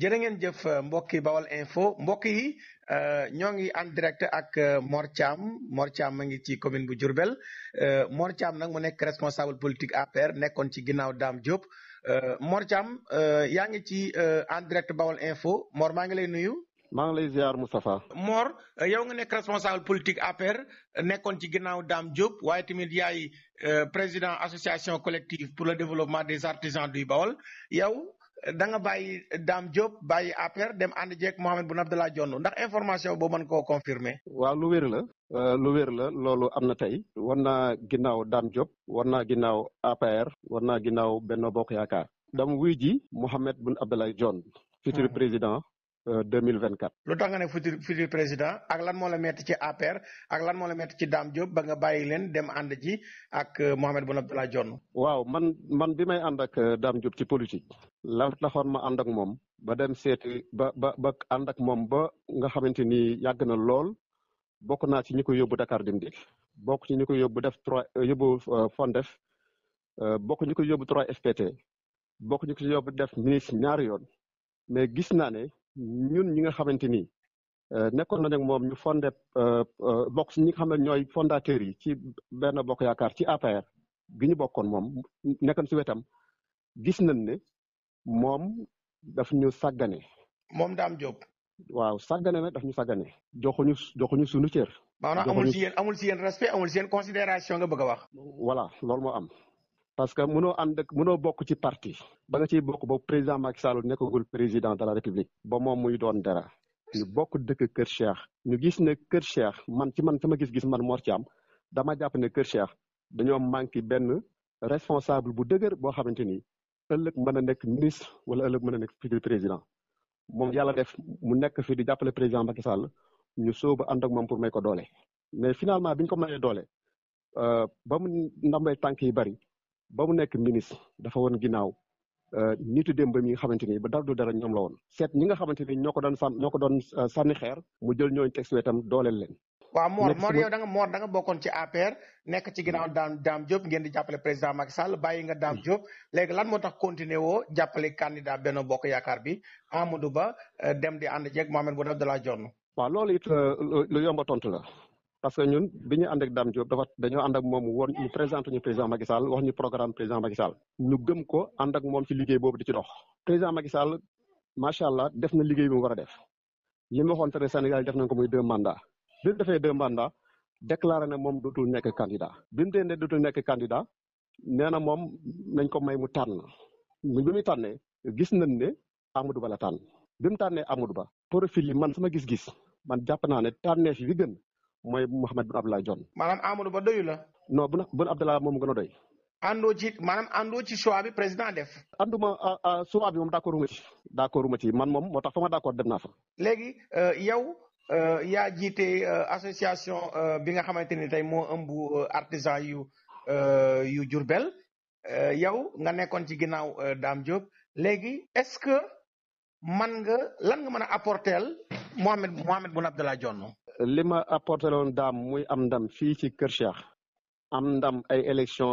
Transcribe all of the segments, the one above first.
jërë ngeen jëf euh, mbokki Bawal info mbokk yi euh, ñoo ngi en direct ak euh, Mor Thiam Mor Thiam a ngi ci commune bu Diourbel Mor Thiam nag mu nekk responsable politique APR nekkoon ci ginnaaw Dame Diop Mor Thiam yaa ngi ci en direct Bawal info moor maa ngi lay nuyu. maa ngi lay ziar Moustapha. Mor yow nga nekk responsable politique APR nekon ci ginnaaw Dame Diop waaye tamit yaay président association collective pour le développement des artisans di Bawol yow. da nga bàyyi Dame Diop bàyyi APR dem ànd jeeg Mohamed Boun Abdallah Dionne ndax information boobu mën koo confirmer waaw lu wér la euh, lu wér la loolu am na tey war naa ginnaaw Dame Diop war naa ginnaaw APR war naa ginnaaw Benno Bokk Yaakaar dam wuy ji Mohamed Boun Abdallah Dionne futur mhm. président Euh, deux mille vingt quatre. lu tax nga ne futur futur président ak lan moo la ci APR ak lan moo la ci dam Diop ba nga bàyyi leen dem ànd ji ak euh, Mohamed Boun Abdallah Dionne. waaw man man bi may ànd ak euh, Dame Diop ci politique. la taxoon ma ànd ak moom. ba dem seeti ba ba ba ànd ak moom ba nga xamante ni yàgg na lool bokk naa ci ñi ko yóbbu Dakar Dem Dikk. bokk ci ñi yóbbu def trois yóbbu Fondef bokk ñi ko yóbbu trois FPT. bokk ñi ko yóbbu def ministre ñaari yoon mais gis naa ne. ñun ñi nga xamante ni euh, nekkoon nañ ak moom ñu fondé euh, euh, bokk ñi nga xam ñooy fondateurs yi ci benn bokk yaakaar ci APR gi ñu bokkoon moom nekkoon si wetam gis nañ ne moom daf ñu sàggane. moom daam Diop. waaw sàggane nag daf ñu saggane joxuñu joxuñu suñu cër. maanaam amul si yéen amul si yéen respect amul si yéen considération nga bëgg a wax. voilà loolu moo am. parce que mënoo ànd ak mënoo bokk ci parti ba nga ciy bokk ba président Macky nekk nekkagul président de la république ba moom muy doon dara ñu bokk dëkk Kër Cheikh ñu gis ne Kër Cheikh man ci man sama gis-gis man Mor Thiam dama jàpp ne Kër Cheikh dañoo manqué benn responsable bu dëgër boo xamante ni ëllëg mën a nekk ministre wala ëllëg mën a nekk futur président moom yàlla def mu nekk fii di jàppale président Macky Sall ñu sóobu ànd ak moom pour may ko doole mais finalement bi ñu ko mayee doole euh, ba mu ndambay tànk yi bari ba mu nekk ministre dafa woon ginnaaw euh, nitu démb mi nga xamante ni ba dara du dara ñoom la woon seet ñi nga xamante ni ñoo ko doon sàn ñoo ko doon euh, sànni xeer mu jël ñooñu teg si wetam dooleel leen. waaw Mor Mor yow da nga bokkoon ci APR nekk ci ginnaaw mm. Dame Dame Diop ngeen di jàppale président Macky Sall bàyyi nga Dame mm. Diop léegi lan moo tax continuer woo jàppale candidat benn Bokk Yaakaar bi Amadou Ba euh, dem di ànd jeeg Mohamed Boun Abdallah joon waaw lool it lu yomb a tontu la parce que ñun bi ñu ànd ak Dame Diop dafa dañoo ànd ak moom woon ñu présenté ñu président Macky Sall wax ñu programme président Macky Sall ñu gëm ko ànd ak moom ci liggéey boobu di ci dox président Macky Sall macha allah def na liggéey bi mu war a def li mu na te ne Sénégal def nañ ko muy deux mandats bi mu defee deux mandats déclaré na moom dootul nekk candidat bi mu dee ne dootul nekk candidat nee na moom nañ ko may mu tànn bi muy tànnee gis nañ ne Amadou Ba la tànn bi mu tànnee Amadou Ba profil yi man sama gis-gis man jàpp naa ne tànneef bi gën mooy Mouhamed Boun Abdallah Dionne. maanaam Amadou Ba doyu la. non Boun Boun Abdallah moom gën a doy. àndoo ci maanaam àndoo ci choix bi président def. ànduma choix bi moom d' accord uma ci. man moom moo tax fa ma d' accord dem fa. léegi euh, yow euh, yaa jiite euh, association bi nga xamante ni tey moo ëmb artisan yu yu Diourbel yow nga nekkoon ci ginnaaw Dame Diop léegi est ce que man nga lan nga mën a apporteel Mouhamed Mouhamed Boun Abdallah Dionne. li ma apporté loon daam muy am ndam fii ci Kër Cheikh am ndam ay élection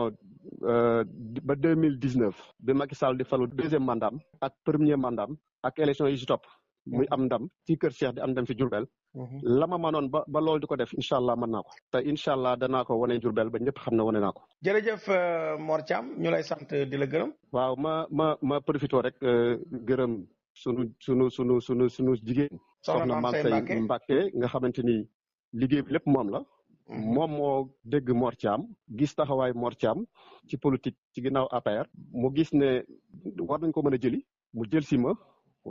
euh, ba deux mille dix neuf bi Macky Sall di falu deuxième mandat ak premier mandat ak élection yi ci topp muy mm-hmm. am ndam ci Kër Cheikh di am dam ci Diourbel mm-hmm. la ma mënoon ba ba loolu di ko def incha allah ma naa ko te incha allah danaa ko wane Diourbel ba ñëpp xam ne wane naa ko jërëjëf euh, Mor Thiam ñu sant di la gërëm waaw ma ma ma profité rek euh, gërëm sunu sunu sunu sunu sunu jigéen. soxna Mame Saye Mbacké nga xamante ni liggéey bi lépp moom la. Mhm. moom moo dégg Mor Thiam gis taxawaay Mor Thiam ci politique ci ginnaaw APR. mu gis ne war nañ ko mën a jëli mu jël si ma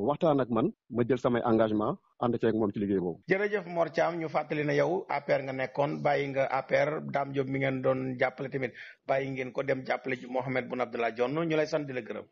waxtaan ak man ma jël samay engagement ànd ceeg moom ci liggéey boobu. jërëjëf Mor Thiam ñu fàttali na yow APR nga nekkoon bàyyi nga APR Dame Diop mi ngeen doon jàppale tamit bàyyi ngeen ko dem jàppale ji Mohamed Boun Abdallah Dionne ñu lay sant di la gërëm.